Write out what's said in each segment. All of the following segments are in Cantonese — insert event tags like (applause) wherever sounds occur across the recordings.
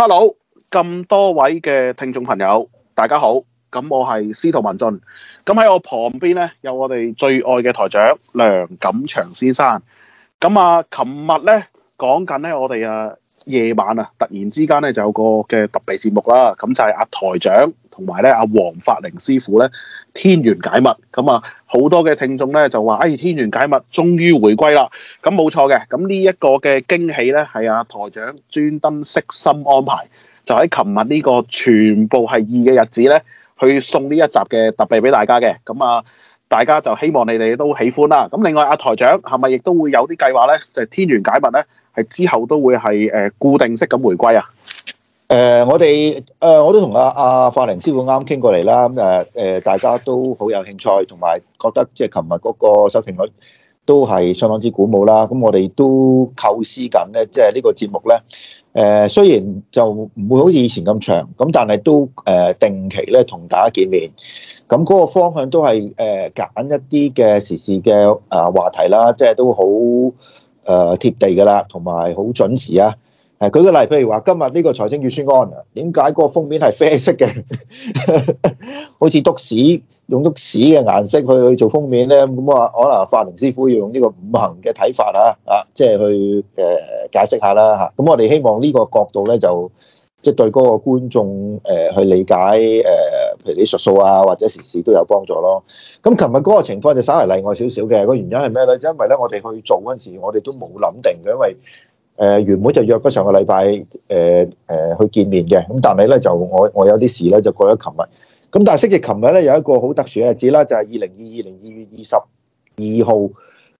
hello，咁多位嘅聽眾朋友，大家好。咁我係司徒文俊，咁喺我旁邊咧有我哋最愛嘅台長梁錦祥先生。咁啊，琴日咧講緊咧，我哋啊夜晚啊，突然之間咧就有個嘅特備節目啦。咁就係阿、啊、台長。同埋咧，阿黃法靈師傅咧，《天元解密》咁、嗯、啊，好多嘅聽眾咧就話，哎，《天元解密》終於回歸啦！咁、嗯、冇錯嘅，咁呢一個嘅驚喜咧，係阿、啊、台長專登悉心安排，就喺琴日呢個全部係二嘅日子咧，去送呢一集嘅特備俾大家嘅。咁、嗯、啊，大家就希望你哋都喜歡啦。咁、嗯、另外阿、啊、台長係咪亦都會有啲計劃咧？就係《天元解密》呢咧，係之後都會係誒、呃、固定式咁回歸啊！誒、呃，我哋誒、呃，我都同阿阿法寧師傅啱啱傾過嚟啦。咁、呃、誒、呃、大家都好有興趣，同埋覺得即係琴日嗰個收聽率都係相當之鼓舞啦。咁我哋都構思緊咧，即係呢個節目咧。誒、呃，雖然就唔會好似以前咁長，咁但係都誒、呃、定期咧同大家見面。咁嗰個方向都係誒揀一啲嘅時事嘅誒、呃、話題啦，即、就、係、是、都好誒、呃、貼地㗎啦，同埋好準時啊！誒舉個例，譬如話今日呢個財政預算案啊，點解個封面係啡色嘅？好似篤屎，用篤屎嘅顏色去去做封面咧，咁我可能法明師傅要用呢個五行嘅睇法啊，啊，即係去誒解釋下啦嚇。咁我哋希望呢個角度咧，就即係對嗰個觀眾誒去理解誒，譬如你術數啊，或者時事都有幫助咯。咁琴日嗰個情況就稍為例外少少嘅，個原因係咩咧？因為咧，我哋去做嗰陣時，我哋都冇諗定嘅，因為。誒原本就約咗上個禮拜誒誒去見面嘅，咁但係咧就我我有啲事咧就過咗琴日，咁但係星期琴日咧有一個好特殊嘅日子啦，就係二零二二零二月二十二號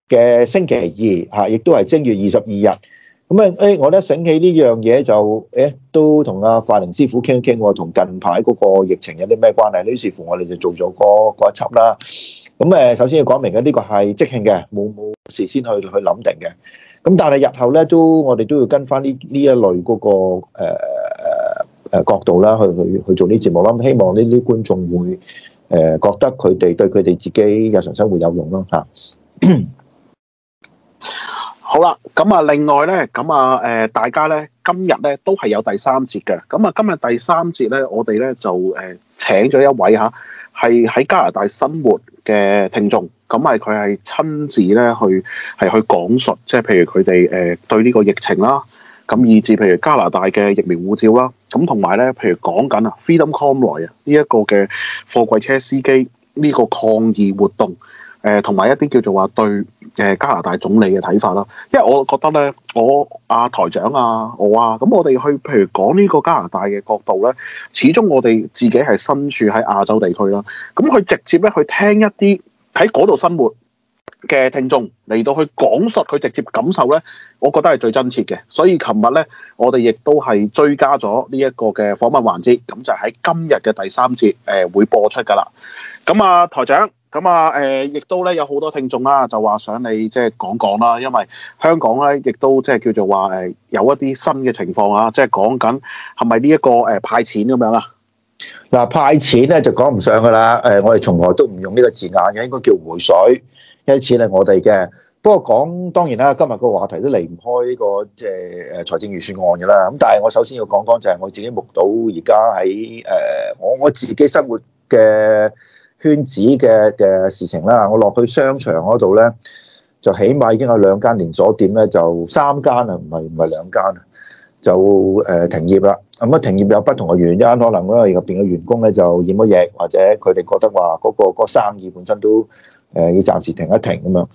嘅星期二嚇，亦、啊、都係正月二十二日。咁啊誒、欸，我咧醒起呢樣嘢就誒、欸，都同阿法靈師傅傾一傾，同近排嗰個疫情有啲咩關係呢？於是乎我哋就做咗、嗰個一輯啦。咁、啊、誒，首先要講明嘅呢、呢個係即興嘅，冇冇事先去去諗定嘅。咁但係日後咧，都我哋都要跟翻呢呢一類嗰，那個誒，呃呃、角度啦，去去去做呢節目啦。咁希望呢啲觀眾會誒，呃、覺得佢哋對佢哋自己日常生活有用咯嚇。 (coughs) (coughs) 好啦，咁、嗯、啊另外咧，咁啊誒大家咧今日咧都係有第三節嘅。咁、嗯、啊今日第三節咧，我哋咧就誒，呃、請咗一位嚇。係喺加拿大生活嘅聽眾，咁係佢係親自咧去係去講述，即係譬如佢哋誒對呢個疫情啦，咁以至譬如加拿大嘅疫苗護照啦，咁同埋咧譬如講緊啊 Freedom Convoy 啊呢一個嘅貨櫃車司機呢個抗議活動。誒同埋一啲叫做話對誒加拿大總理嘅睇法啦，因為我覺得咧，我阿、啊、台長啊，我啊，咁我哋去譬如講呢個加拿大嘅角度咧，始終我哋自己係身處喺亞洲地區啦，咁佢直接咧去聽一啲喺嗰度生活嘅聽眾嚟到去講述佢直接感受咧，我覺得係最真切嘅，所以琴日咧我哋亦都係追加咗呢一個嘅訪問環節，咁就喺今日嘅第三節誒、呃、會播出噶啦，咁啊台長。咁啊，誒，亦都咧有好多聽眾啦，就話想你即係講講啦，因為香港咧，亦都即係叫做話誒，有一啲新嘅情況啊，即係講緊係咪呢一個誒派錢咁樣啊？嗱，派錢咧就講唔上噶啦，誒，我哋從來都唔用呢個字眼嘅，應該叫回水，啲錢係我哋嘅。不過講當然啦，今日個話題都離唔開呢個即係誒財政預算案嘅啦。咁但係我首先要講講就係我自己目睹而家喺誒我我自己生活嘅圈子嘅嘅事情啦，我落去商場嗰度咧，就起碼已經有兩間連鎖店咧，就三間啊，唔係唔係兩間，就誒停業啦。咁啊停業有不同嘅原因，可能因為入邊嘅員工咧就染咗疫，或者佢哋覺得話嗰、嗰個嗰個生意本身都誒要暫時停一停咁樣。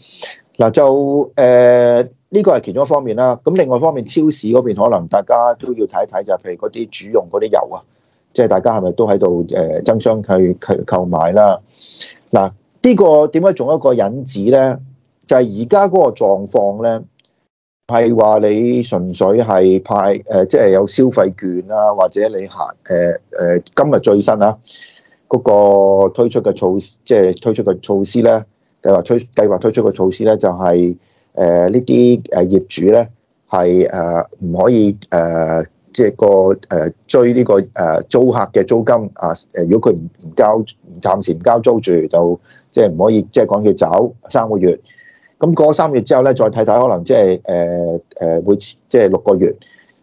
嗱就誒呢、呃呢個係其中一方面啦。咁另外一方面，超市嗰邊可能大家都要睇一睇，就係譬如嗰啲煮用嗰啲油啊。即係大家係咪都喺度誒爭相去購買啦？嗱，呢、這個點解仲有一個引子咧？就係而家嗰個狀況咧，係話你純粹係派誒，即、就、係、是、有消費券啦、啊，或者你行誒誒，今日最新啊，嗰、那個推出嘅措即係、就是、推出嘅措施咧，計劃推計劃推出嘅措施咧，就係誒呢啲誒業主咧係誒唔可以誒。呃即係個誒追呢個誒租客嘅租金啊誒，如果佢唔唔交，暫時唔交租住就即係唔可以，即係講要走三個月。咁過三個月之後咧，再睇睇可能即係誒誒會即係六個月。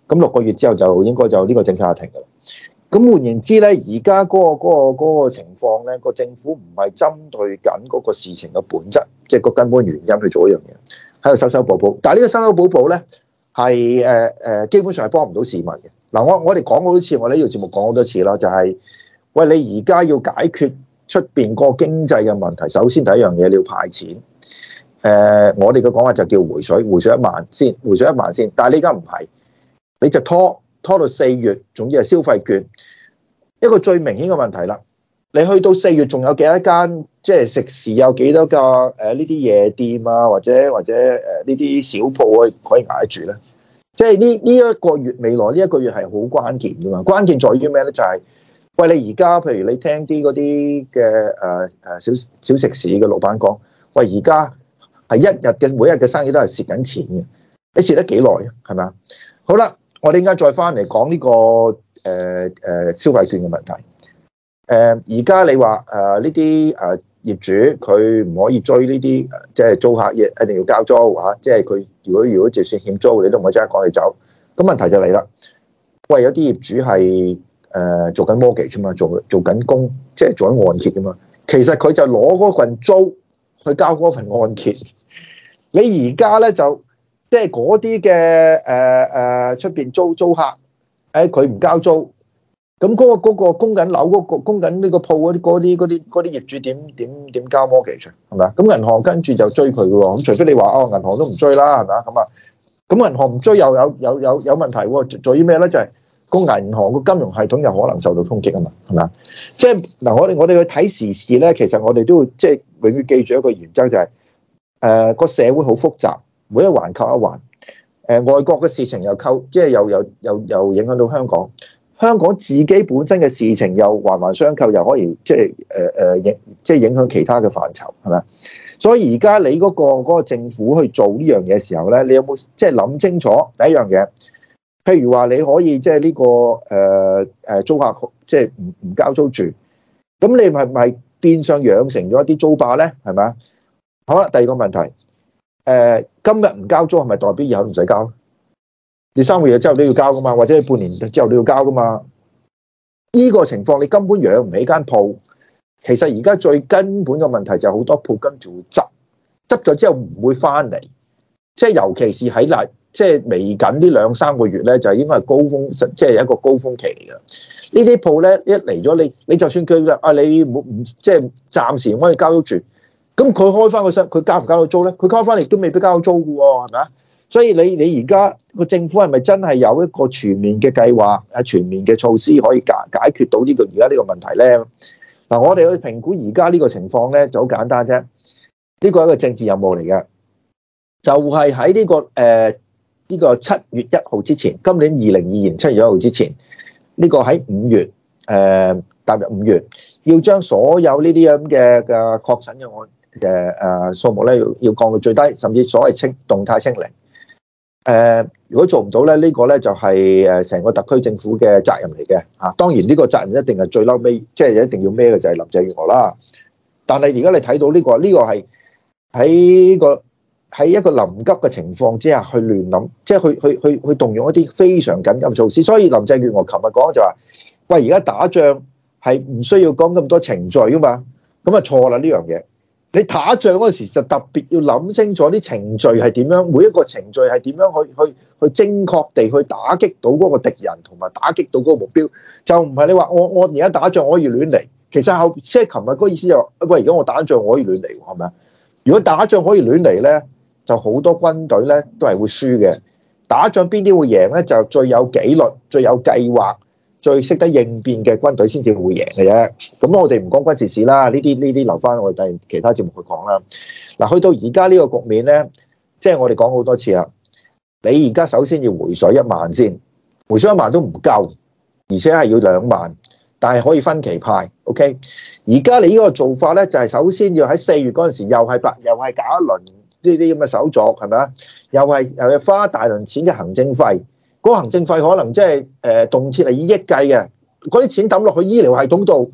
咁六個月之後就應該就呢個政策停㗎啦。咁換言之咧，而家嗰個嗰個嗰個情況咧，個政府唔係針對緊嗰個事情嘅本質，即係個根本原因去做一樣嘢，喺度修修補補。但係呢個修修補補咧。係誒誒，基本上係幫唔到市民嘅。嗱、呃，我我哋講好多次，我呢個節目講好多次啦，就係、是、喂，你而家要解決出邊個經濟嘅問題，首先第一樣嘢你要派錢。誒、呃，我哋嘅講法就叫回水，回水一萬先，回水一萬先。但係你而家唔係，你就拖拖到四月，仲要係消費券。一個最明顯嘅問題啦。你去到四月，仲有幾多間即係食肆，有幾多個誒？呢啲夜店啊，或者或者誒呢啲小鋪可唔可以捱住咧？即係呢呢一個月未來呢一個月係好關鍵噶嘛？關鍵在於咩咧？就係、是、喂，你而家譬如你聽啲嗰啲嘅誒誒小小食肆嘅老闆講，喂而家係一日嘅每日嘅生意都係蝕緊錢嘅，你蝕得幾耐啊？係咪？好啦，我哋而家再翻嚟講呢個誒誒、呃呃、消費券嘅問題。誒而家你話，誒呢啲誒業主佢唔可以追呢啲即係租客，亦一定要交租嚇、啊，即係佢如果如果就算欠租，你都唔可以即刻趕佢走。咁問題就嚟啦，喂，有啲業主係誒做緊 mortgage 啫嘛，做 mortgage，做緊工即係做緊按揭噶嘛，其實佢就攞嗰份租去交嗰份按揭。你而家咧就即係嗰啲嘅誒誒出邊租租客，誒佢唔交租。咁嗰個嗰個供緊樓嗰個供緊呢個鋪嗰啲啲啲啲業主點點點交 mortgage 出係咪啊？咁銀行跟住就追佢嘅喎，咁除非你話啊，銀行都唔追啦，係咪啊？咁啊，咁銀行唔追又有有有有問題喎？在於咩咧？就係個銀行個金融系統又可能受到衝擊啊嘛，係咪即係嗱，我哋我哋去睇時事咧，其實我哋都即係永遠記住一個原則，就係誒個社會好複雜，每一環扣一環。誒，外國嘅事情又扣，即係又又又又，又，又影響到香港。香港自己本身嘅事情又環環相扣，又可以即係誒誒影，即係影響其他嘅範疇，係咪啊？所以而家你嗰個嗰個政府去做呢樣嘢時候咧，你有冇即係諗清楚第一樣嘢？譬如話你可以即係呢個誒誒租客即係唔唔交租住，咁你係唔係變相養成咗一啲租霸咧？係咪啊？好啦，第二個問題，誒今日唔交租係咪代表以後唔使交咧？你三個月之後都要交噶嘛，或者係半年之後都要交噶嘛？呢個情況你根本養唔起間鋪。其實而家最根本嘅問題就係好多鋪跟住會執，執咗之後唔會翻嚟。即係尤其是喺嗱，即係未緊呢兩三個月咧，就係應該係高峰，即係一個高峰期嚟噶。呢啲鋪咧一嚟咗，你你就算佢啊，你唔好，即係暫時唔可以交到住，咁佢開翻個商，佢交唔交到租咧？佢開翻嚟都未必交到租嘅喎、哦，係咪啊？所以你你而家個政府係咪真係有一個全面嘅計劃啊？全面嘅措施可以解解決到呢個而家呢個問題咧？嗱、嗯，我哋去評估而家呢個情況咧就好簡單啫。呢個係一個政治任務嚟嘅，就係喺呢個誒呢、呃呢個七月一號之前，今年二零二二年七月一號之前，呢、呢個喺五月誒、呃、踏入五月，要將所有呢啲咁嘅嘅確診嘅案嘅誒數目咧要要降到最低，甚至所謂清動態清零。誒、呃，如果做唔到咧，呢個咧就係誒成個特區政府嘅責任嚟嘅吓。當然呢個責任一定係最嬲尾，即係一定要孭嘅就係林鄭月娥啦。但係而家你睇到呢個，呢個係喺個喺一個臨急嘅情況之下去亂諗，即係去去去去動用一啲非常緊急嘅措施。所以林鄭月娥琴日講就話：喂，而家打仗係唔需要講咁多程序噶嘛？咁啊錯啦呢樣嘢。這個你打仗嗰時就特別要諗清楚啲程序係點樣，每一個程序係點樣去去去精確地去打擊到嗰個敵人，同埋打擊到嗰個目標，就唔係你話我我而家打仗可以亂嚟。其實後即係琴日嗰意思就，喂，而家我打仗我可以亂嚟，係咪？如果打仗可以亂嚟呢，就好多軍隊呢都係會輸嘅。打仗邊啲會贏呢？就最有紀律、最有計劃。最識得應變嘅軍隊先至會贏嘅啫。咁我哋唔講軍事事啦，呢啲呢啲留翻我哋第其他節目去講啦。嗱，去到而家呢個局面咧，即、就、係、是、我哋講好多次啦。你而家首先要回水一萬先，回水一萬都唔夠，而且係要兩萬，但係可以分期派。O K.，而家你呢個做法咧，就係、是、首先要喺四月嗰陣時，又係白，又係搞一輪呢啲咁嘅手續，係咪啊？又係又要花大輪錢嘅行政費。嗰個行政費可能即係誒動輒嚟以億計嘅，嗰啲錢抌落去醫療系統度，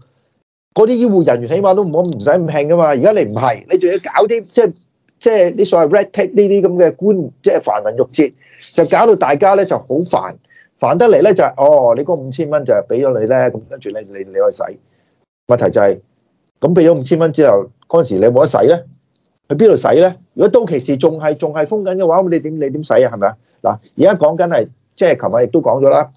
嗰啲醫護人員起碼都唔好唔使咁輕㗎嘛。而家你唔係，你仲要搞啲即係即係啲所謂 red tape 呢啲咁嘅官，即係繁文縟節，就搞到大家咧就好煩，煩得嚟咧就係哦，你嗰五千蚊就係俾咗你咧，咁跟住咧你你可以使。問題就係咁俾咗五千蚊之後，嗰陣時你有冇得使咧？去邊度使咧？如果到其時仲係仲係封緊嘅話，咁你點你點使啊？係咪啊？嗱，而家講緊係。即係琴日亦都講咗啦，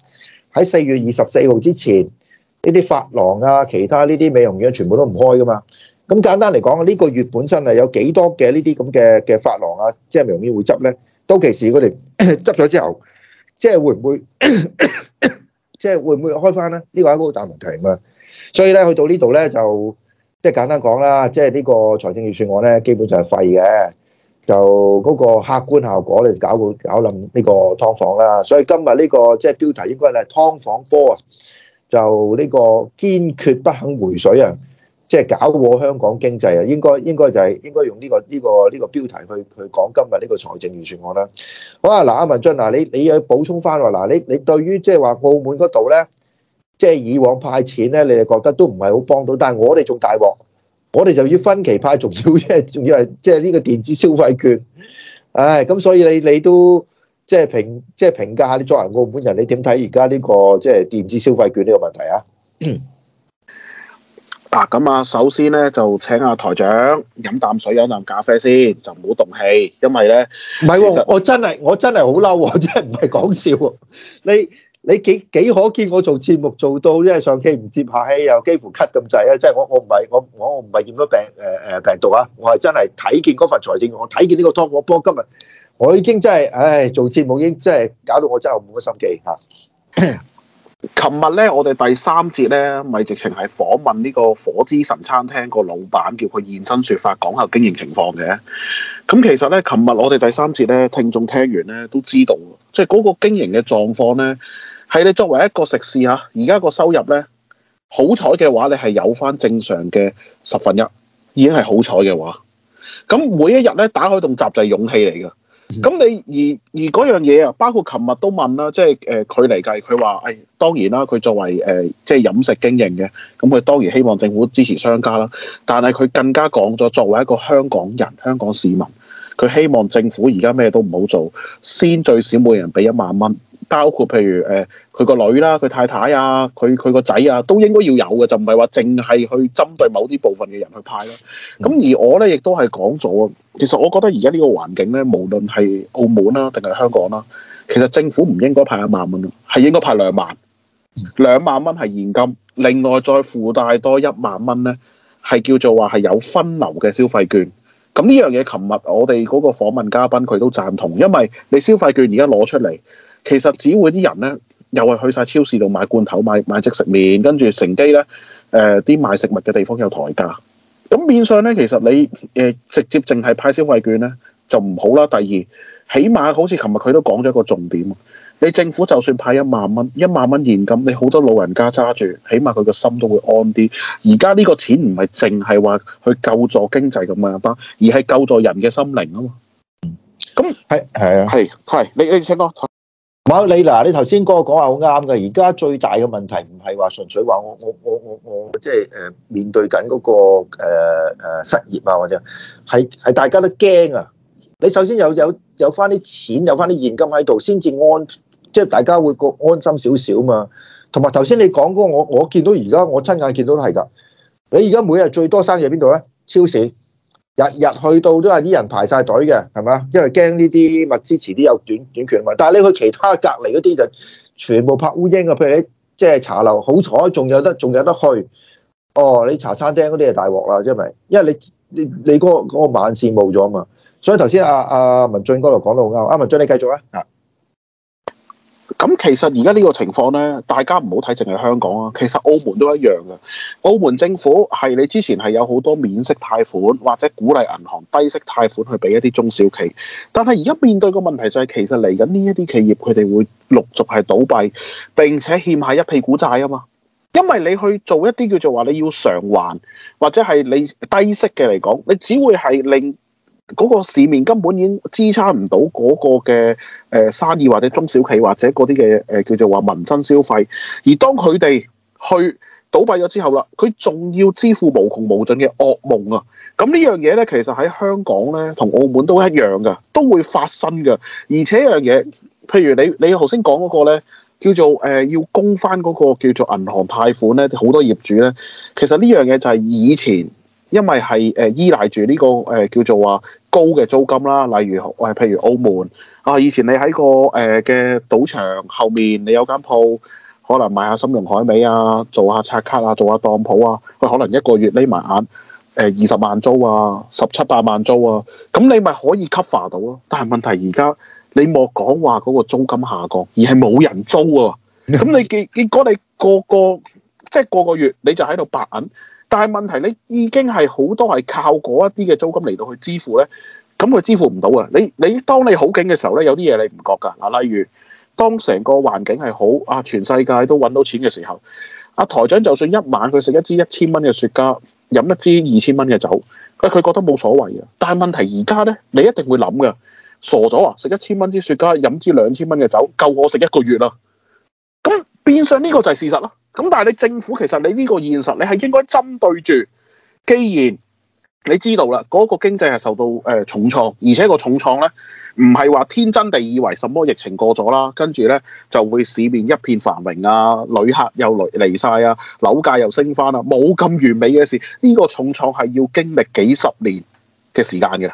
喺四月二十四號之前，呢啲髮廊啊、其他呢啲美容院全部都唔開㗎嘛。咁簡單嚟講，呢個月本身係有幾多嘅呢啲咁嘅嘅髮廊啊，即係美容院會執咧？到其時佢哋執咗之後，即係會唔會， (coughs) 即係會唔會開返咧？呢個係一個好大問題㗎嘛。所以咧去到呢度咧就，即係簡單講啦，即係呢個財政預算案咧基本上係廢嘅。就嗰個客觀效果咧，搞個搞冧呢個劏房啦，所以今日呢個即係標題應該咧劏房波啊！就呢個堅決不肯回水啊，即係搞過香港經濟啊，應該應該就係應該用呢個呢個呢個標題去去講今日呢個財政預算案啦、啊。好啊，嗱阿文俊，嗱你你又補充翻喎，嗱你你對於即係話澳門嗰度咧，即係以往派錢咧，你哋覺得都唔係好幫到，但係我哋仲大鑊。我哋就要分期派，仲要即係仲要係即係呢個電子消費券，唉，咁所以你你都即係評即係、就是、評價下你作為澳門人，你點睇而家呢個即係、就是、電子消費券呢個問題啊？嗱，咁啊，首先咧就請阿台長飲啖水，飲啖咖啡先，就唔好動氣，因為咧唔係喎，我真係我真係好嬲喎，真係唔係講笑喎，你。你幾幾可見我做節目做到，即係上氣唔接下氣，又幾乎咳咁滯啊！即係我我唔係我我我唔係染咗病誒誒、呃、病毒啊！我係真係睇見嗰份財政，我睇見呢個劏房波今日，我已經真係唉做節目已經真係搞到我真係冇乜心機吓。琴日咧，我哋第三節咧，咪直情係訪問呢個火之神餐廳個老闆，叫佢現身說法，講下經營情況嘅。咁其實咧，琴日我哋第三節咧，聽眾聽完咧都知道，即係嗰個經營嘅狀況咧。係你作為一個食肆吓，而家個收入咧，好彩嘅話，你係有翻正常嘅十分一，已經係好彩嘅話。咁每一日咧，打開棟閘就係勇氣嚟噶。咁你而而嗰樣嘢啊，包括琴日都問啦，即係誒佢嚟計，佢話誒，當然啦，佢作為誒、呃、即係飲食經營嘅，咁佢當然希望政府支持商家啦。但係佢更加講咗，作為一個香港人、香港市民，佢希望政府而家咩都唔好做，先最少每人俾一萬蚊。包括譬如誒，佢、呃、個女啦，佢太太啊，佢佢個仔啊，都應該要有嘅，就唔係話淨係去針對某啲部分嘅人去派咯、啊。咁、嗯、而我咧亦都係講咗，其實我覺得而家呢個環境咧，無論係澳門啦定係香港啦、啊，其實政府唔應該派一萬蚊，係應該派兩萬兩萬蚊，係現金，另外再附帶多一萬蚊咧，係叫做話，係有分流嘅消費券。咁呢樣嘢，琴日我哋嗰個訪問嘉賓，佢都贊同，因為你消費券而家攞出嚟。其實只會啲人咧，又係去晒超市度買罐頭、買買即食麵，跟住乘機咧。誒、呃，啲賣食物嘅地方有抬價咁，變相咧其實你誒、呃、直接淨係派消費券咧就唔好啦。第二，起碼好似琴日佢都講咗一個重點，你政府就算派一萬蚊，一萬蚊現金，你好多老人家揸住，起碼佢個心都會安啲。而家呢個錢唔係淨係話去救助經濟咁簡單，而係救助人嘅心靈啊嘛。咁係係啊，係係你你請講。唔你嗱，你頭先嗰個講話好啱嘅。而家最大嘅問題唔係話純粹話我我我我我即係誒面對緊嗰、那個誒、呃呃、失業啊或者係係大家都驚啊！你首先有有有翻啲錢，有翻啲現金喺度先至安，即、就、係、是、大家會覺安心少少啊嘛。同埋頭先你講嗰個，我我見到而家我親眼見到都係㗎。你而家每日最多生意喺邊度咧？超市。日日去到都係啲人排晒隊嘅，係咪？因為驚呢啲物資遲啲有短短缺嘛。但係你去其他隔籬嗰啲就全部拍烏蠅啊。譬如你即係茶樓，好彩仲有得仲有得去。哦，你茶餐廳嗰啲就大鑊啦，因為因為你你你嗰、嗰個嗰晚線冇咗啊嘛。所以頭先阿阿文進嗰度講到好啱，阿、啊、文進你繼續啊。咁其實而家呢個情況呢，大家唔好睇淨係香港啊，其實澳門都一樣嘅。澳門政府係你之前係有好多免息貸款或者鼓勵銀行低息貸款去俾一啲中小企，但係而家面對個問題就係，其實嚟緊呢一啲企業佢哋會陸續係倒閉，並且欠下一屁股債啊嘛。因為你去做一啲叫做話你要償還或者係你低息嘅嚟講，你只會係令。嗰個市面根本已經支撐唔到嗰個嘅誒生意或者中小企或者嗰啲嘅誒叫做話民生消費，而當佢哋去倒閉咗之後啦，佢仲要支付無窮無盡嘅噩夢啊！咁呢樣嘢咧，其實喺香港咧同澳門都一樣噶，都會發生噶。而且一樣嘢，譬如你你頭先講嗰個咧，叫做誒、呃、要供翻嗰個叫做銀行貸款咧，好多業主咧，其實呢樣嘢就係以前因為係誒依賴住呢、這個誒、呃、叫做話。高嘅租金啦，例如，喂，譬如澳門啊，以前你喺個誒嘅賭場後面，你有間鋪，可能賣下參茸海味啊，做下刷卡啊，做下當鋪啊，佢可能一個月匿埋眼，誒二十萬租啊，十七八萬租啊，咁、嗯、你咪可以 cover 到咯。但係問題而家你莫講話嗰個租金下降，而係冇人租啊。咁、嗯、你結結果你個個即係個個月你就喺度白銀。但係問題，你已經係好多係靠嗰一啲嘅租金嚟到去支付咧，咁佢支付唔到啊！你你當你好勁嘅時候咧，有啲嘢你唔覺噶，啊，例如當成個環境係好啊，全世界都揾到錢嘅時候，阿、啊、台長就算一晚佢食一支一千蚊嘅雪茄，飲一支二千蚊嘅酒，佢、啊、佢覺得冇所謂啊！但係問題而家呢，你一定會諗噶，傻咗啊！食一千蚊支雪茄，飲支兩千蚊嘅酒，夠我食一個月啦、啊！咁變相呢個就係事實啦。咁但係你政府其實你呢個現實，你係應該針對住，既然你知道啦，嗰個經濟係受到誒重創，而且個重創咧，唔係話天真地以為什麼疫情過咗啦，跟住咧就會市面一片繁榮啊，旅客又嚟嚟晒啊，樓價又升翻啊。冇咁完美嘅事。呢個重創係要經歷幾十年嘅時間嘅。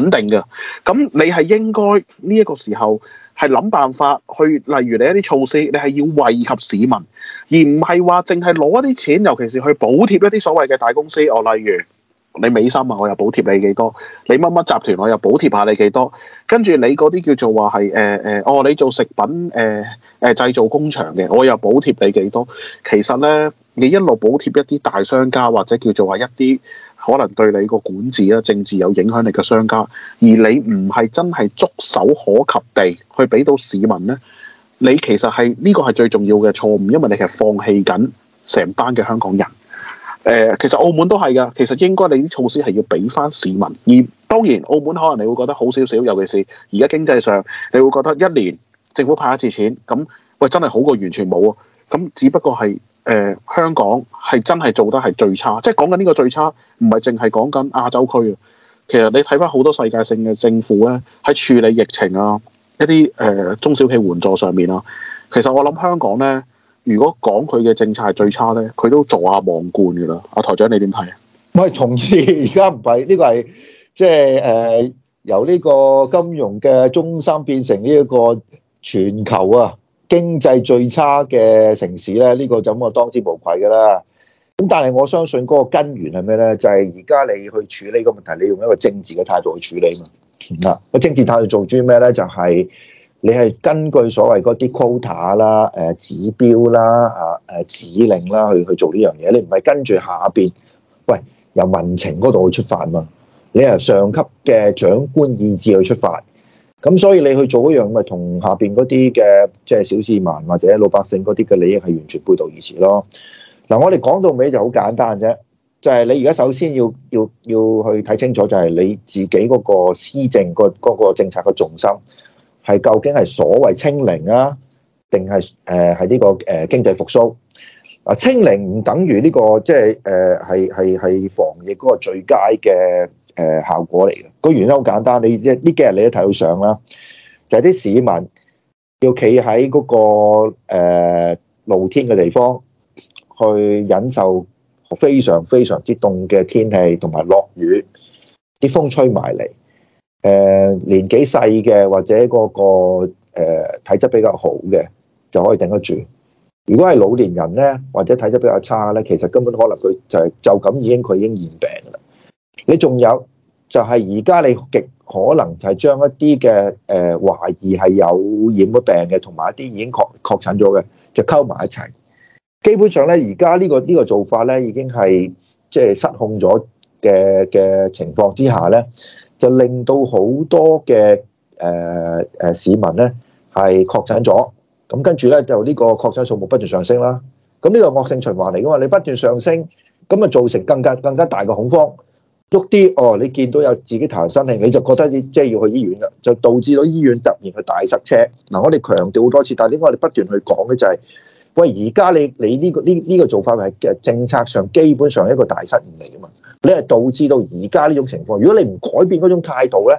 肯定嘅，咁你係應該呢一個時候係諗辦法去，例如你一啲措施，你係要惠及市民，而唔係話淨係攞一啲錢，尤其是去補貼一啲所謂嘅大公司。我例如你美心啊，我又補貼你幾多，你乜乜集團我又補貼下你幾多，跟住你嗰啲叫做話係誒誒，哦你做食品誒誒製造工廠嘅，我又補貼你幾多。其實呢，你一路補貼一啲大商家或者叫做話一啲。可能對你個管治啊、政治有影響力嘅商家，而你唔係真係觸手可及地去俾到市民呢？你其實係呢個係最重要嘅錯誤，因為你係放棄緊成班嘅香港人。呃，其實澳門都係噶，其實應該你啲措施係要俾翻市民。而當然，澳門可能你會覺得好少少，尤其是而家經濟上，你會覺得一年政府派一次錢，咁喂真係好過完全冇啊。咁只不過係。誒、呃、香港係真係做得係最差，即係講緊呢個最差，唔係淨係講緊亞洲區啊。其實你睇翻好多世界性嘅政府咧，喺處理疫情啊、一啲誒、呃、中小企援助上面啊，其實我諗香港咧，如果講佢嘅政策係最差咧，佢都坐下望冠噶啦。阿、啊、台長你點睇啊？唔係，從而而家唔係呢個係即係誒由呢個金融嘅中心變成呢一個全球啊，經濟最差嘅城市咧，呢、呢個就咁啊，當之無愧㗎啦。咁但係我相信嗰個根源係咩咧？就係而家你去處理個問題，你用一個政治嘅態度去處理嘛。嗱、嗱，個政治態度做住咩咧？就係、係、你係根據所謂嗰啲 quota 啦、誒指標啦、啊誒指令啦去去做呢樣嘢。你唔係跟住下邊，喂，由民情嗰度去出發嘛？你係由上級嘅長官意志去出發。咁所以你去做嗰樣咪同下邊嗰啲嘅即係小市民或者老百姓嗰啲嘅利益係完全背道而馳咯。嗱、啊，我哋講到尾就好簡單啫，就係、是、你而家首先要要要去睇清楚，就係你自己嗰個施政個嗰、嗰個政策嘅重心係究竟係所謂清零啊，定係誒係呢個誒經濟復蘇啊？清零唔等於呢、呢個即係誒係係係防疫嗰個最佳嘅。誒效果嚟嘅，個原因好簡單，你一呢幾日你都睇到相啦，就係、是、啲市民要企喺嗰個、呃、露天嘅地方去忍受非常非常之凍嘅天氣，同埋落雨，啲風吹埋嚟。誒、呃、年紀細嘅或者嗰、那個誒、呃、體質比較好嘅就可以頂得住，如果係老年人咧或者體質比較差咧，其實根本可能佢就係就咁已經佢已經染病。你仲有就係而家，你極可能就係將一啲嘅誒懷疑係有染咗病嘅，同埋一啲已經確確診咗嘅就溝埋一齊。基本上咧，而家呢個呢個做法咧已經係即係失控咗嘅嘅情況之下咧，就令到好多嘅誒誒市民咧係確診咗。咁跟住咧就呢個確診數目不斷上升啦。咁呢個惡性循環嚟嘅嘛，你不斷上升，咁啊造成更加更加大嘅恐慌。喐啲哦，你見到有自己頭身你就覺得即係要去醫院啦，就導致到醫院突然去大塞車嗱、嗯。我哋強調好多次，但係點解我哋不斷去講咧、就係，就係喂，而家你你呢、這個呢呢、這個做法係政策上基本上一個大失誤嚟啊嘛。你係導致到而家呢種情況，如果你唔改變嗰種態度呢，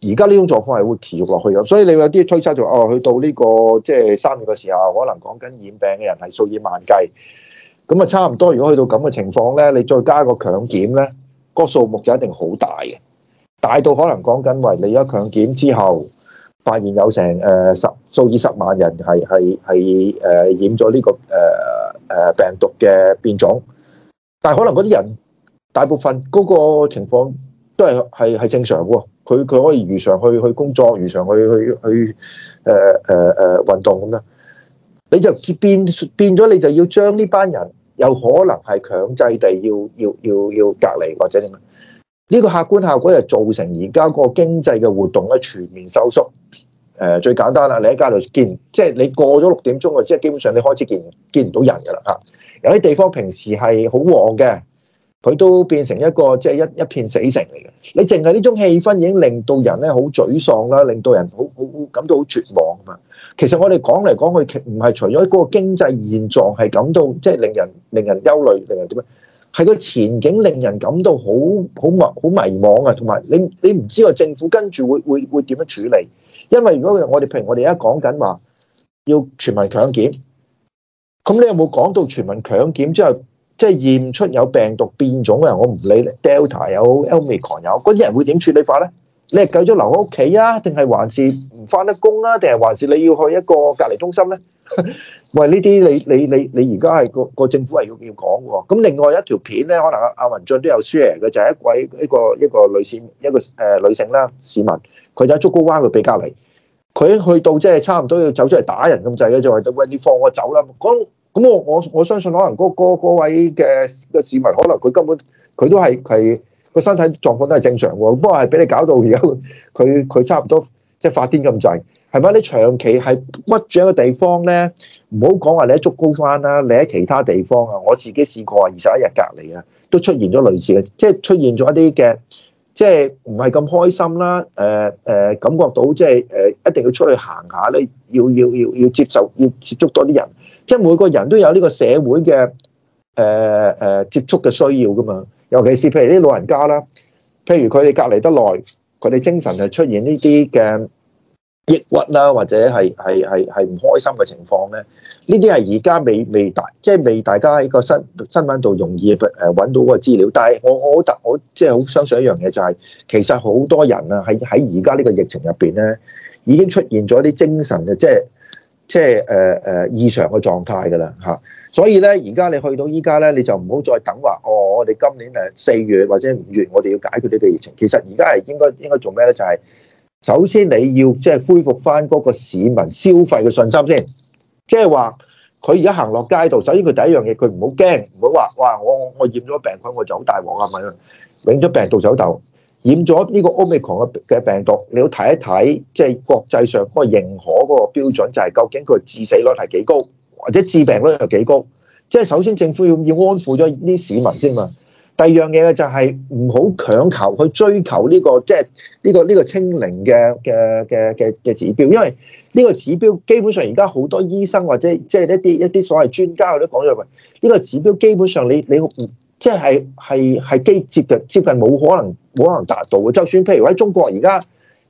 而家呢種狀況係會持續落去咁。所以你有啲推測就係、哦，去到呢、這個即係三月嘅時候，可能講緊染病嘅人係數以萬計。咁啊，差唔多如果去到咁嘅情況呢，你再加個強檢呢。個數目就一定好大嘅，大到可能講緊話，你一強檢之後，發現有成誒十、呃、數以十萬人係係係誒染咗呢、這個誒誒、呃、病毒嘅變種，但係可能嗰啲人大部分嗰個情況都係係係正常喎，佢佢可以如常去去工作，如常去去去誒誒誒運動咁啦。你就變變咗，你就要將呢班人。有可能係強制地要要要要隔離或者點啊？呢個客觀效果就造成而家個經濟嘅活動咧全面收縮。誒、呃、最簡單啦，你喺街度見，即係你過咗六點鐘啊，即係基本上你開始見見唔到人㗎啦嚇。有啲地方平時係好旺嘅，佢都變成一個即係、就是、一一片死城嚟嘅。你淨係呢種氣氛已經令到人咧好沮喪啦，令到人好好感到好絕望啊嘛～其實我哋講嚟講去，唔係除咗嗰個經濟現狀係感到即係、就是、令人令人憂慮，令人點樣？係個前景令人感到好好迷好迷茫啊！同埋你你唔知個政府跟住會會會點樣處理？因為如果我哋譬如我哋而家講緊話要全民強檢，咁你有冇講到全民強檢之後，即、就、係、是、驗出有病毒變種嘅人，我唔理 Delta 有 Omicron 有嗰啲人會點處理法咧？你係繼續留喺屋企啊？定係還是唔翻得工啊？定係還是你要去一個隔離中心咧？喂， (laughs) 呢啲你你你你而家係個個政府係要要講喎。咁另外一條片咧，可能阿阿文進都有 share 嘅，就係一位一個,一個,一,個一個女性一個誒女性啦市民，佢就喺竹篙灣度畀隔離，佢去到即係差唔多要走出嚟打人咁滯嘅，就係喂你放我走啦。咁我我我相信可能嗰、那個那個那個、位嘅嘅市民，可能佢根本佢都係係。個身體狀況都係正常喎，不過係俾你搞到而家佢佢差唔多即係發癲咁滯，係咪？你長期係屈住一個地方咧，唔好講話你喺竹篙灣啦，你喺其他地方啊，我自己試過啊，二十一日隔離啊，都出現咗類似嘅，即係出現咗一啲嘅，即係唔係咁開心啦？誒、呃、誒、呃，感覺到即係誒一定要出去行下咧，要要要要接受要接觸多啲人，即係每個人都有呢個社會嘅誒誒接觸嘅需要㗎嘛。尤其是譬如啲老人家啦，譬如佢哋隔離得耐，佢哋精神係出現呢啲嘅抑鬱啦，或者係係係係唔開心嘅情況咧。呢啲係而家未未大，即係未大家喺個新新聞度容易誒揾到嗰個資料。但係我我得，我即係好相信一樣嘢，就係其實好多人啊喺喺而家呢個疫情入邊咧，已經出現咗啲精神嘅即係即係誒誒異常嘅狀態㗎啦嚇。所以咧，而家你去到依家咧，你就唔好再等話哦，我哋今年誒四月或者五月，我哋要解決呢個疫情。其實而家係應該應該做咩咧？就係首先你要即係恢復翻嗰個市民消費嘅信心先，即係話佢而家行落街度，首先佢第一樣嘢，佢唔好驚，唔好話哇，我我我染咗病菌，我就好大鑊啊！唔係啊，染咗病毒走竇，染咗呢個奧密克戎嘅病毒，你要睇一睇，即係國際上嗰個認可嗰個標準，就係究竟佢致死率係幾高。或者致病率有幾高，即係首先政府要要安撫咗啲市民先嘛。第二樣嘢咧就係唔好強求去追求呢個即係呢個呢個清零嘅嘅嘅嘅嘅指標，因為呢個指標基本上而家好多醫生或者即係一啲一啲所謂專家都講咗話，呢個指標基本上你你即係係係基接近接近冇可能冇可能達到嘅。就算譬如喺中國而家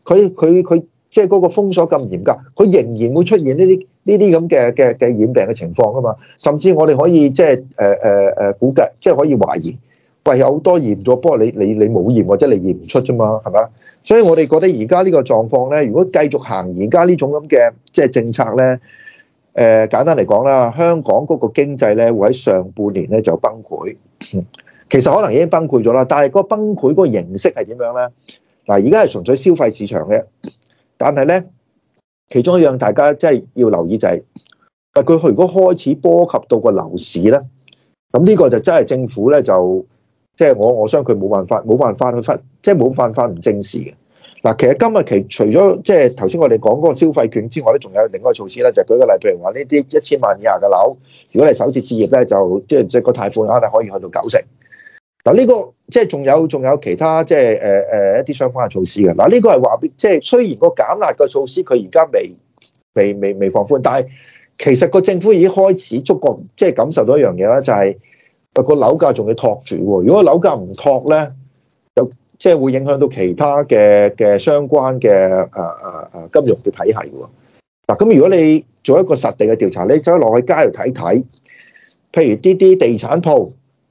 佢佢佢即係嗰個封鎖咁嚴格，佢仍然會出現呢啲。呢啲咁嘅嘅嘅染病嘅情況啊嘛，甚至我哋可以即係誒誒誒估計，即係可以懷疑，喂有好多染咗，不過你你你冇驗或者你驗唔出啫嘛，係咪？所以我哋覺得而家呢個狀況咧，如果繼續行而家呢種咁嘅即係政策咧，誒簡單嚟講啦，香港嗰個經濟咧會喺上半年咧就崩潰，其實可能已經崩潰咗啦，但係個崩潰嗰個形式係點樣咧？嗱，而家係純粹消費市場嘅，但係咧。其中一樣大家即係要留意就係、是，但佢如果開始波及到個樓市咧，咁呢個就真係政府咧就即係、就是、我我相佢冇辦法冇辦法去忽即冇辦法唔正視嘅。嗱，其實今日期除咗即係頭先我哋講嗰個消費券之外咧，仲有另外一個措施咧，就舉個例，譬如話呢啲一千萬以下嘅樓，如果你首次置業咧，就即係即個貸款額係可以去到九成。嗱，呢個即係仲有仲有其他即係誒誒一啲相關嘅措施嘅。嗱，呢個係話俾，即係雖然個減壓嘅措施佢而家未未未未放寬，但係其實個政府已經開始觸覺，即係感受到一樣嘢啦，就係個樓價仲要托住。如果樓價唔托咧，就即係會影響到其他嘅嘅相關嘅誒誒誒金融嘅體系嘅。嗱，咁如果你做一個實地嘅調查，你走落去街度睇睇，譬如啲啲地產鋪。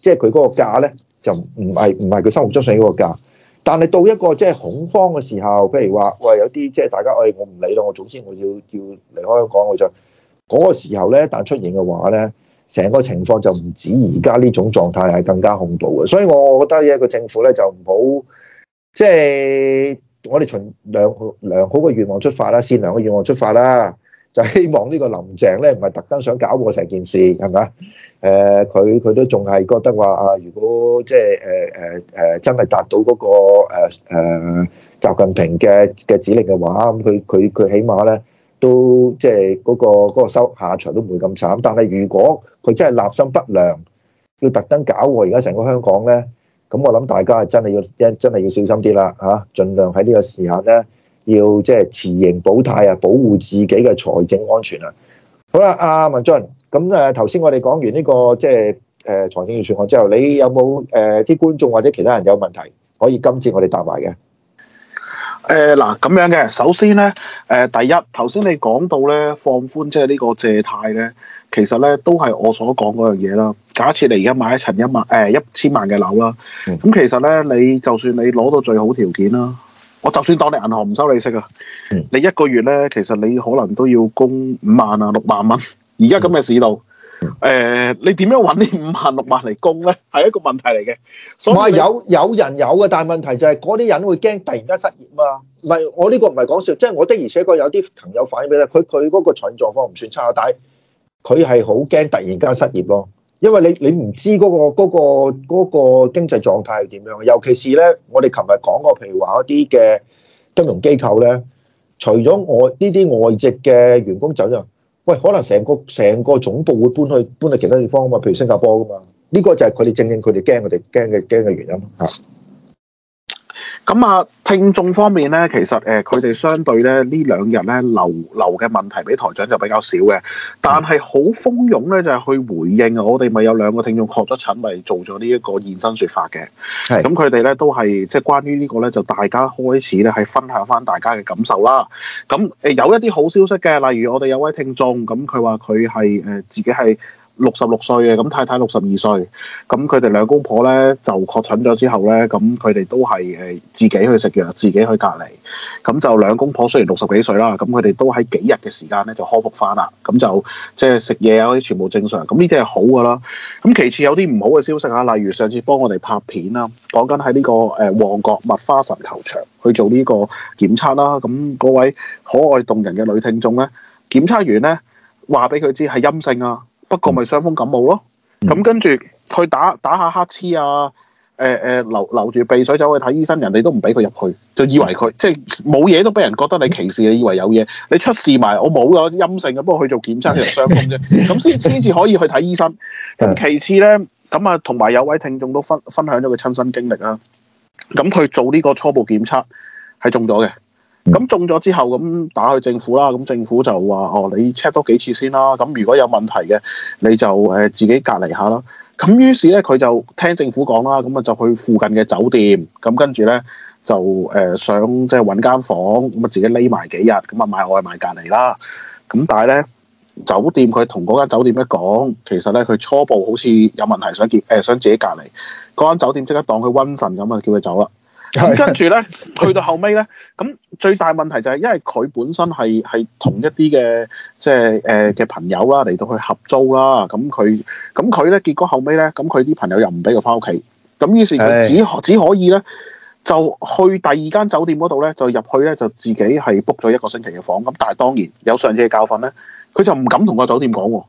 即係佢嗰個價咧，就唔係唔係佢生活中上嗰個價。但係到一個即係恐慌嘅時候，譬如話，喂有啲即係大家，哎我唔理咯，我總之我要要離開香港，我就嗰個時候咧，但出現嘅話咧，成個情況就唔止而家呢種狀態係更加恐怖嘅。所以我覺得呢一個政府咧就唔好，即係我哋從良良好嘅願望出發啦，善良嘅願望出發啦。就希望呢個林鄭咧，唔係特登想搞禍成件事，係咪啊？誒、呃，佢佢都仲係覺得話啊，如果即係誒誒誒，真係達到嗰個誒誒、呃呃、習近平嘅嘅指令嘅話，咁佢佢佢起碼咧都即係嗰個嗰個收下場都唔會咁慘。但係如果佢真係立心不良，要特登搞禍而家成個香港咧，咁我諗大家係真係要真真係要小心啲啦嚇，儘量喺呢個時刻咧。要即係持盈保泰啊，保護自己嘅財政安全啊。好啦，阿文進，咁誒頭先我哋講完呢、這個即係誒財政預算案之後，你有冇誒啲觀眾或者其他人有問題可以今次我哋答埋嘅？誒嗱、呃，咁樣嘅，首先咧，誒、呃、第一頭先你講到咧放寬即係呢個借貸咧，其實咧都係我所講嗰樣嘢啦。假設你而家買一層一萬誒、呃、一千萬嘅樓啦，咁、嗯、其實咧你就算你攞到最好條件啦。我就算當你銀行唔收利息啊，你一個月咧，其實你可能都要供五萬啊六萬蚊。而家咁嘅市道，誒、呃，你點樣揾呢五萬六萬嚟供咧？係一個問題嚟嘅。我話有有人有嘅，但係問題就係嗰啲人會驚突然間失業嘛。唔係，我呢個唔係講笑，即、就、係、是、我的而且確有啲朋友反映俾你，佢佢嗰個財務狀況唔算差，但係佢係好驚突然間失業咯。因為你你唔知嗰個嗰個嗰個經濟狀態係點樣，尤其是咧，我哋琴日講過，譬如話一啲嘅金融機構咧，除咗外呢啲外籍嘅員工走咗，喂，可能成個成個總部會搬去搬去其他地方啊嘛，譬如新加坡噶嘛，呢個就係佢哋正正佢哋驚佢哋驚嘅驚嘅原因嚇。咁啊，聽眾方面咧，其實誒佢哋相對咧呢兩日咧留留嘅問題俾台長就比較少嘅，但係好蜂擁咧就係、是、去回應啊！我哋咪有兩個聽眾確咗診，咪、就是、做咗呢一個現身説法嘅。咁佢哋咧都係即係關於呢個咧，就大家開始咧係分享翻大家嘅感受啦。咁誒、呃、有一啲好消息嘅，例如我哋有位聽眾咁，佢話佢係誒自己係，六十六歲嘅咁太太六十二歲，咁佢哋兩公婆咧就確診咗之後咧，咁佢哋都係誒自己去食藥，自己去隔離，咁就兩公婆雖然六十幾歲啦，咁佢哋都喺幾日嘅時間咧就康復翻啦，咁就即係食嘢啊嗰啲全部正常，咁呢啲係好噶啦。咁其次有啲唔好嘅消息啊，例如上次幫我哋拍片啦，講緊喺呢個誒旺角麥花臣球場去做呢個檢測啦，咁嗰位可愛動人嘅女聽眾咧，檢測完咧話俾佢知係陰性啊！不過咪傷風感冒咯，咁跟住去打打下乞嗤啊，誒、呃、誒、呃、留留住鼻水走去睇醫生，人哋都唔俾佢入去，就以為佢即係冇嘢都俾人覺得你歧視，你以為有嘢，你出事埋我冇咗陰性嘅，不過去做檢測係 (laughs) 傷風啫，咁先先至可以去睇醫生。咁其次咧，咁啊同埋有位聽眾都分分享咗佢親身經歷啦，咁佢做呢個初步檢測係中咗嘅。咁中咗之後，咁打去政府啦，咁政府就話：哦，你 check 多幾次先啦。咁如果有問題嘅，你就誒、呃、自己隔離下啦。咁於是咧，佢就聽政府講啦，咁啊就去附近嘅酒店。咁跟住咧就誒、呃、想即係揾間房，咁啊自己匿埋幾日，咁啊買外賣隔離啦。咁但係咧酒店佢同嗰間酒店一講，其實咧佢初步好似有問題想，想結誒想自己隔離，嗰間酒店即刻當佢瘟神咁啊叫佢走啦。 (laughs) 跟住咧，去到後尾咧，咁最大問題就係、是，因為佢本身係係同一啲嘅即係誒嘅朋友啦，嚟到去合租啦。咁佢咁佢咧，結果後尾咧，咁佢啲朋友又唔俾佢返屋企，咁於是佢只可 (laughs) 只可以咧就去第二間酒店嗰度咧就入去咧就自己係 book 咗一個星期嘅房。咁但係當然有上次嘅教訓咧，佢就唔敢同個酒店講喎。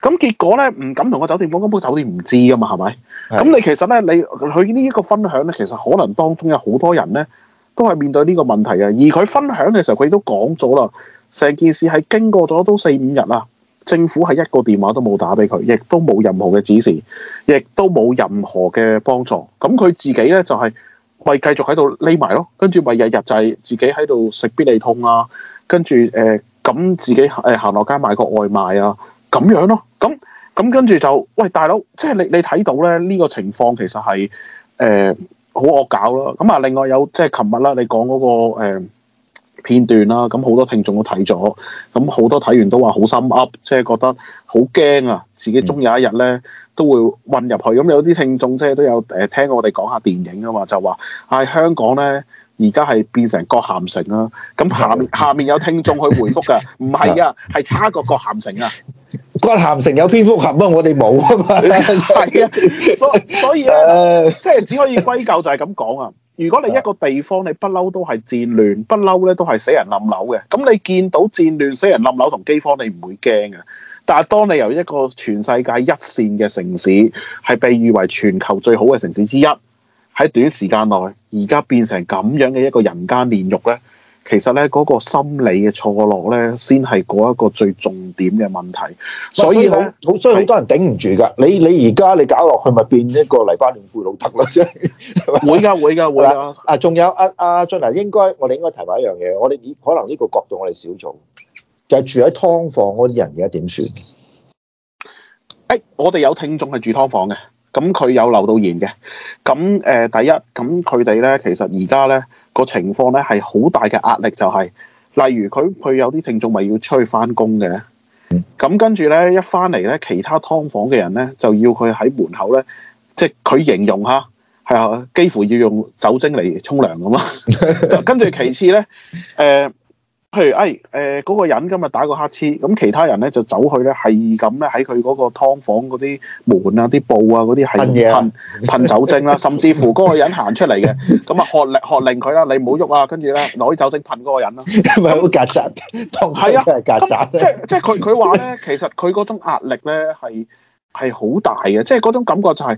咁結果咧，唔敢同個酒店講，因為個酒店唔知㗎嘛，係咪？咁的你其實咧，你佢呢一個分享咧，其實可能當中有好多人咧，都係面對呢個問題嘅。而佢分享嘅時候，佢都講咗啦，成件事係經過咗都四五日啦，政府係一個電話都冇打俾佢，亦都冇任何嘅指示，亦都冇任何嘅幫助。咁佢自己咧就係咪繼續喺度匿埋咯，跟住咪日日就係自己喺度食必理痛啦，啊，跟住誒，咁自己誒行落街買個外賣啊。咁樣咯，咁咁跟住就，喂大佬，即係你你睇到咧呢、這個情況其實係誒好惡搞咯。咁啊，另外有即係琴日啦，你講嗰、那個、呃、片段啦，咁好多聽眾都睇咗，咁好多睇完都話好心噏，即係覺得好驚啊！自己終有一日咧都會混入去。咁、嗯、有啲聽眾即係都有誒、呃、聽我哋講下電影啊嘛，就話喺、哎、香港咧。而家係變成葛咸城啦，啊，咁、嗯、下面下面有聽眾去回覆噶，唔係啊，係 (laughs) 差過葛咸城啊，葛咸城有蝙蝠俠，啊，我哋冇啊嘛，係 (laughs) 啊，啊，所所以咧、啊，即係 (laughs) 只可以歸咎就係咁講啊。如果你一個地方你不嬲都係戰亂，不嬲咧都係死人冧樓嘅，咁你見到戰亂死人冧樓同饑荒，你唔會驚啊。但係當你由一個全世界一線嘅城市，係被譽為全球最好嘅城市之一。喺短時間內，而家變成咁樣嘅一個人間煉獄咧，其實咧嗰、那個心理嘅錯落咧，先係嗰一個最重點嘅問題。所以好，好，所以好是多人頂唔住㗎是。你你而家你搞落去，咪變一個黎巴嫩庫魯特咯，即 (laughs) 係 (laughs) 會㗎、啊，會㗎、啊，會啦、啊。 (laughs) 啊，仲有阿阿俊啊，應該我哋應該提埋一樣嘢，我哋以可能呢個角度我哋少做，就係、是、住喺劏房嗰啲人而家點算？誒、哎，我哋有聽眾係住劏房嘅。咁佢有漏到涎嘅，咁誒、呃、第一，咁佢哋咧其實而家咧個情況咧係好大嘅壓力，就係、是，例如佢佢有啲聽眾咪要出去翻工嘅，咁跟住咧一翻嚟咧，其他劏房嘅人咧就要佢喺門口咧，即係佢形容吓，係啊，幾乎要用酒精嚟沖涼咁咯。 (laughs) 跟住其次咧，誒、呃。譬如誒誒嗰個人今日打個乞嗤，咁其他人咧就走去咧係咁咧喺佢嗰個㓥房嗰啲門啊、啲布啊嗰啲係噴噴酒精啦， (laughs) 甚至乎嗰個人行出嚟嘅，咁啊喝令喝令佢啦，你唔好喐啊，跟住咧攞啲酒精噴嗰個人啦，咪好曱甴，劏房真曱甴咧。即即係佢佢話咧，其實佢嗰種壓力咧係係好大嘅，即係嗰種感覺就係誒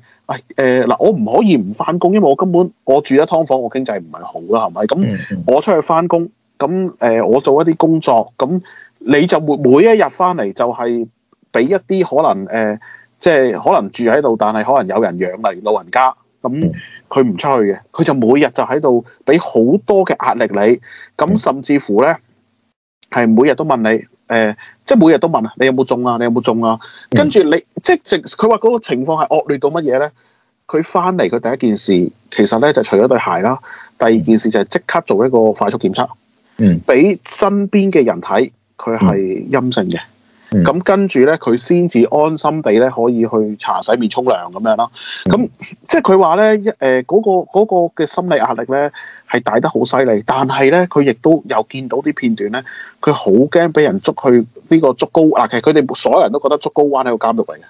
誒嗱，我唔可以唔翻工，因為我根本我住咗劏房，我經濟唔係好啦，係咪咁我出去翻工。咁誒、呃，我做一啲工作，咁你就每每一日翻嚟就係俾一啲可能誒，即、呃、係、就是、可能住喺度，但係可能有人養嚟老人家，咁佢唔出去嘅，佢就每日就喺度俾好多嘅壓力你，咁甚至乎咧係每日都問你，誒、呃，即、就、係、是、每日都問啊，你有冇中啊，你有冇中啊？跟住你即直，佢話嗰個情況係惡劣到乜嘢咧？佢翻嚟佢第一件事，其實咧就是、除咗對鞋啦，第二件事就係即刻做一個快速檢測。嗯，俾身邊嘅人睇佢係陰性嘅，咁、嗯、跟住咧佢先至安心地咧可以去擦洗面洗、沖涼咁樣咯。咁即係佢話咧，一誒嗰個嘅、那個、心理壓力咧係大得好犀利，但係咧佢亦都又見到啲片段咧，佢好驚俾人捉去呢、這個竹篙啊！其實佢哋所有人都覺得竹篙灣係個監獄嚟嘅。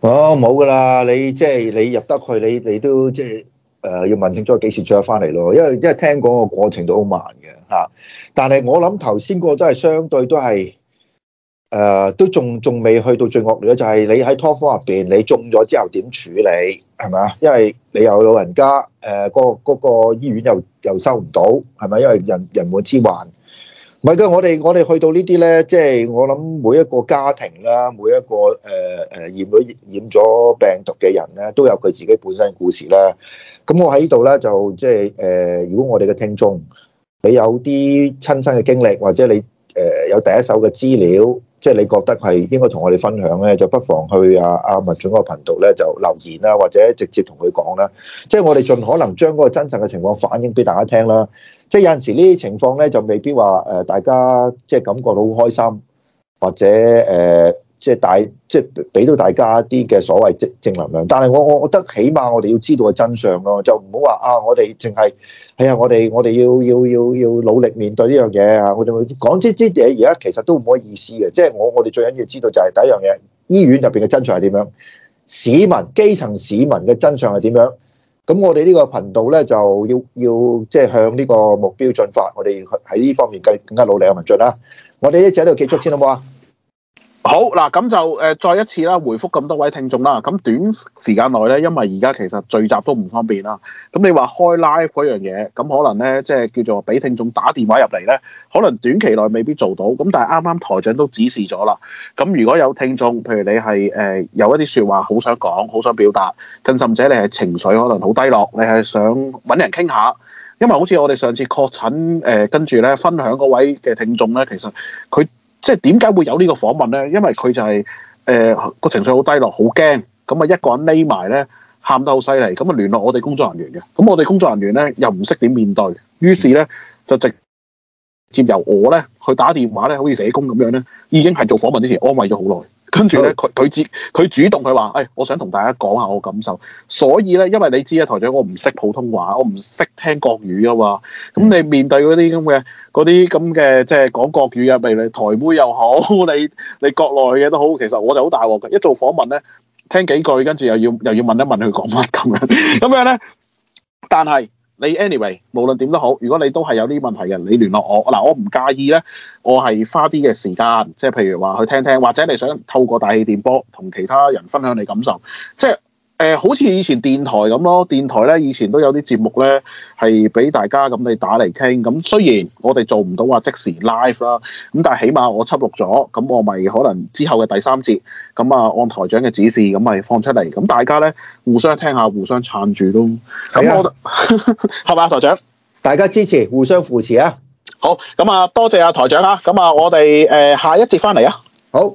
哦，冇噶啦，你即係你入得去，你你都即係。誒、呃，要問清楚幾時再翻嚟咯，因為因為聽講個過程都好慢嘅吓、啊。但係我諗頭先個真係相對都係誒、呃，都仲仲未去到最惡劣嘅，就係你喺拖科入邊，你中咗之後點處理係咪啊？因為你有老人家，誒、呃，嗰個嗰個醫院又又收唔到，係咪？因為人人滿之患。唔係嘅，我哋我哋去到呢啲咧，即係我諗每一個家庭啦，每一個誒誒、呃、染咗染咗病毒嘅人咧，都有佢自己本身故事啦。咁我喺呢度咧，就即係誒，如果我哋嘅聽眾你有啲親身嘅經歷，或者你誒有第一手嘅資料，即係你覺得佢係應該同我哋分享咧，就不妨去阿阿文俊嗰個頻道咧就留言啦，或者直接同佢講啦。即係我哋盡可能將嗰個真實嘅情況反映俾大家聽啦。即係有陣時呢啲情況咧，就未必話誒大家，呃，即係感覺到好開心，或者誒。呃即係大，即係俾到大家啲嘅所謂正正能量。但係我我覺得起碼我哋要知道嘅真相咯，就唔好話啊！我哋淨係係啊！我哋我哋要要要要努力面對呢樣嘢啊！我哋講即啲嘢而家其實都唔可以意思嘅。即係我我哋最緊要知道就係第一樣嘢，醫院入邊嘅真相係點樣？市民、基層市民嘅真相係點樣？咁我哋呢個頻道咧就要要即係向呢個目標進發。我哋喺呢方面更更加努力向前進啦！我哋一陣喺度繼續先好唔好啊！好嗱，咁就誒再一次啦，回覆咁多位聽眾啦。咁短時間內咧，因為而家其實聚集都唔方便啦。咁你話開 live 嗰樣嘢，咁可能咧即係叫做俾聽眾打電話入嚟咧，可能短期內未必做到。咁但係啱啱台長都指示咗啦。咁如果有聽眾，譬如你係誒、呃、有一啲説話好想講，好想表達，更甚者你係情緒可能好低落，你係想揾人傾下。因為好似我哋上次確診誒、呃、跟住咧分享嗰位嘅聽眾咧，其實佢。即係點解會有呢個訪問咧？因為佢就係誒個情緒好低落，好驚，咁啊一個人匿埋咧，喊得好犀利，咁啊聯絡我哋工作人員嘅，咁我哋工作人員咧又唔識點面對，於是咧就直接由我咧去打電話咧，好似社工咁樣咧，已經係做訪問之前安慰咗好耐。跟住咧，佢佢主佢主動佢話，誒，我想同大家講下我感受。所以咧，因為你知呀，台長，我唔識普通話，我唔識聽國語啊嘛。咁你面對嗰啲咁嘅嗰啲咁嘅，即係講國語呀，譬如你台妹又好，你你國內嘅都好，其實我就好大鑊嘅。一做訪問咧，聽幾句，跟住又要又要問一問佢講乜咁樣，咁樣咧，但係，你 anyway 無論點都好，如果你都係有啲問題嘅，你聯絡我嗱，我唔介意咧，我係花啲嘅時間，即係譬如話去聽聽，或者你想透過大氣電波同其他人分享你感受，即係。誒、呃，好似以前電台咁咯，電台咧以前都有啲節目咧係俾大家咁，你打嚟傾，咁雖然我哋做唔到話即時 live 啦，咁但係起碼我輯錄咗，咁我咪可能之後嘅第三節，咁啊按台長嘅指示，咁咪放出嚟，咁大家咧互相聽下，互相撐住咯。咁我係咪啊 (laughs) 台長？大家支持，互相扶持啊！好，咁啊多謝阿、啊、台長啊，咁啊我哋誒、呃、下一節翻嚟啊，好。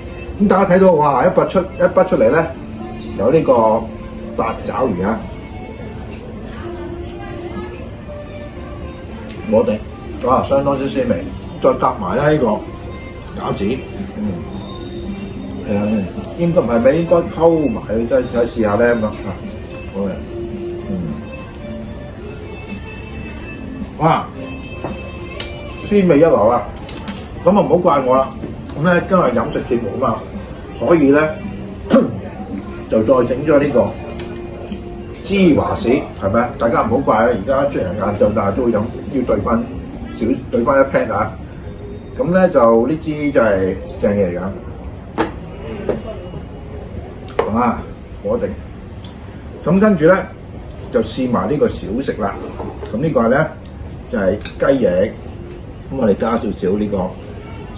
大家睇到哇，一筆出一筆出嚟咧，有呢個八爪魚啊，我哋、嗯、相當之鮮味，再夾埋咧呢個餃子，嗯，係啊，是啊，是啊，應該唔係，應該唔係咩？應該溝埋，真係想試下呢。咁、啊、好啊，嗯，哇，鮮味一流啊，咁就唔好怪我啦。咁咧今日飲食節目啊嘛，所以咧 (coughs) 就再整咗呢個芝華士，係咪啊？大家唔好怪啊！而家出嚟晏晝，但係都要飲，要兌翻少兌翻一 pat 啊！咁咧就呢支就係正嘢嚟㗎，係嘛？火定。咁跟住咧就試埋呢個小食啦。咁呢個係咧就係雞翼，咁我哋加少少呢個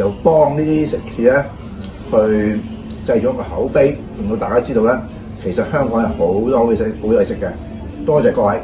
又幫呢啲食肆咧，去製咗個口碑，令到大家知道咧，其實香港係好多好嘢食好嘢食嘅。多謝各位。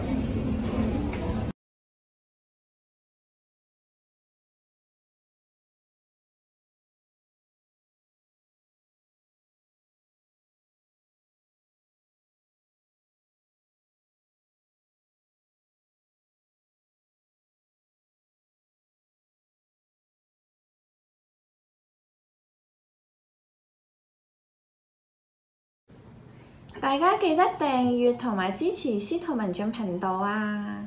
大家記得訂閱同埋支持司徒文進頻道啊！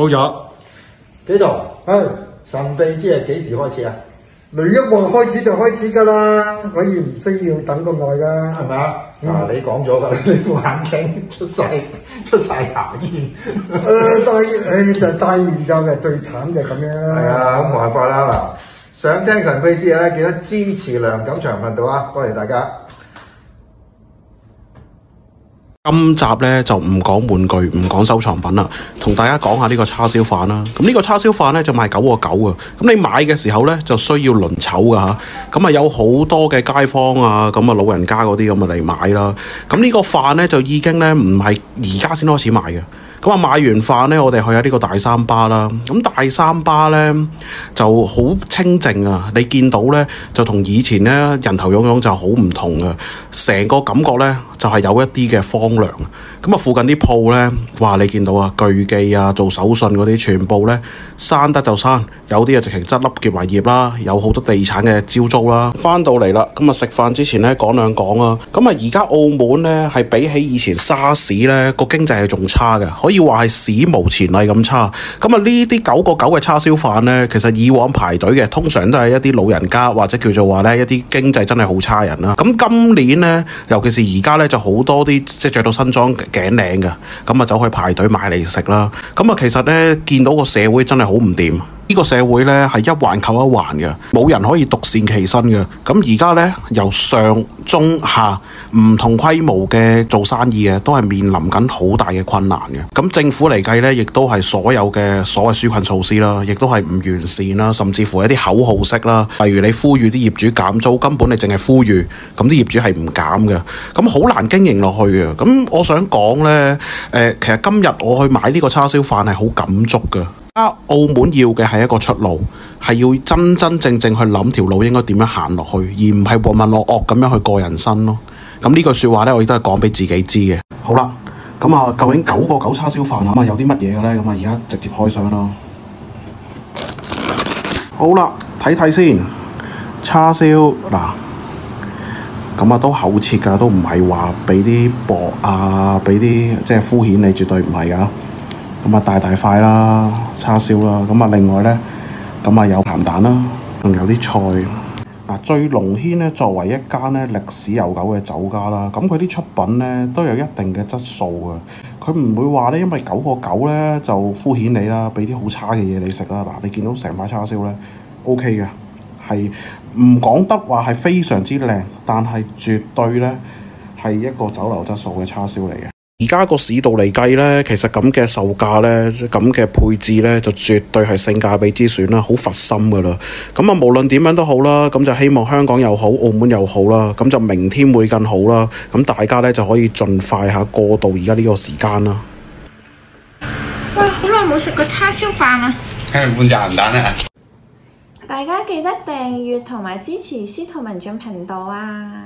冇咗，幾度？督是神秘之夜幾時開始啊？雷一望開始就開始噶啦，可以唔需要等咁耐噶，係咪、嗯、啊？嗱，你講咗噶，副眼鏡出晒出晒牙煙，誒、 (laughs) 呃，戴、哎、就戴、是、面罩的，最慘就咁樣啦。啊，咁冇 (laughs) 辦法啦嗱。想聽神秘之夜咧，記得支持梁錦祥頻道啊，多謝大家。今集咧就唔講玩具，唔講收藏品啦，同大家講下呢個叉燒飯啦。咁呢個叉燒飯咧就賣九個九啊。咁你買嘅時候咧就需要輪籌噶吓。咁啊有好多嘅街坊啊，咁啊老人家嗰啲咁啊嚟買啦。咁呢個飯咧就已經咧唔係而家先開始賣嘅。咁啊，買完飯呢，我哋去下呢個大三巴啦。咁大三巴呢就好清靜啊，你見到呢，就同以前呢人頭湧湧就好唔同啊。成個感覺呢，就係、是、有一啲嘅荒涼。咁啊，附近啲鋪呢，哇，你見到啊，鉅記啊，做手信嗰啲全部呢，閂得就閂，有啲啊直情執粒結埋業啦，有好多地產嘅招租啦、啊。翻到嚟啦，咁啊食飯之前呢，講兩講啊。咁啊，而家澳門呢，係比起以前沙士呢個經濟係仲差嘅，可以話係史無前例咁差，咁啊呢啲九個九嘅叉燒飯呢，其實以往排隊嘅通常都係一啲老人家或者叫做話呢一啲經濟真係好差人啦。咁今年呢，尤其是而家呢，就好多啲即係著到新裝頸領嘅，咁啊走去排隊買嚟食啦。咁啊其實呢，見到個社會真係好唔掂。呢個社會呢，係一環扣一環嘅，冇人可以獨善其身嘅。咁而家呢，由上中下唔同規模嘅做生意呀，都係面臨緊好大嘅困難嘅。咁政府嚟計呢，亦都係所有嘅所謂紓困措施啦，亦都係唔完善啦，甚至乎一啲口號式啦。例如你呼籲啲業主減租，根本你淨係呼籲，咁啲業主係唔減嘅，咁好難經營落去嘅。咁我想講呢，呃，其實今日我去買呢個叉燒飯係好感觸㗎。澳門要嘅係一個出路，係要真真正正去諗條路應該點樣行落去，而唔係渾渾噩噩咁樣去過人生咯。咁呢句說話咧，我亦都係講俾自己知嘅。好啦，咁啊，究竟九個九叉燒飯啊，咁啊，有啲乜嘢嘅咧？咁啊，而家直接開箱咯。好啦，睇睇先，叉燒嗱，咁啊都厚切噶，都唔係話俾啲薄啊，俾啲即係敷衍你，絕對唔係噶。咁啊大大塊啦，叉燒啦，咁啊另外呢，咁啊有鹹蛋啦，仲有啲菜。嗱，醉龍軒呢，作為一間呢歷史悠久嘅酒家啦，咁佢啲出品呢，都有一定嘅質素嘅。佢唔會話呢，因為九個九呢，就敷衍你啦，俾啲好差嘅嘢你食啦。嗱，你見到成塊叉燒呢，OK 嘅，係唔講得話係非常之靚，但係絕對呢，係一個酒樓質素嘅叉燒嚟嘅。而家個市道嚟計呢，其實咁嘅售價呢，咁嘅配置呢，就絕對係性價比之選啦，好佛心噶啦。咁啊，無論點樣都好啦，咁就希望香港又好，澳門又好啦，咁就明天會更好啦。咁大家呢，就可以盡快下過渡而家呢個時間啦。喂，好耐冇食過叉燒飯啊！嘿，換隻銀蛋啦！大家記得訂閱同埋支持司徒文進頻道啊！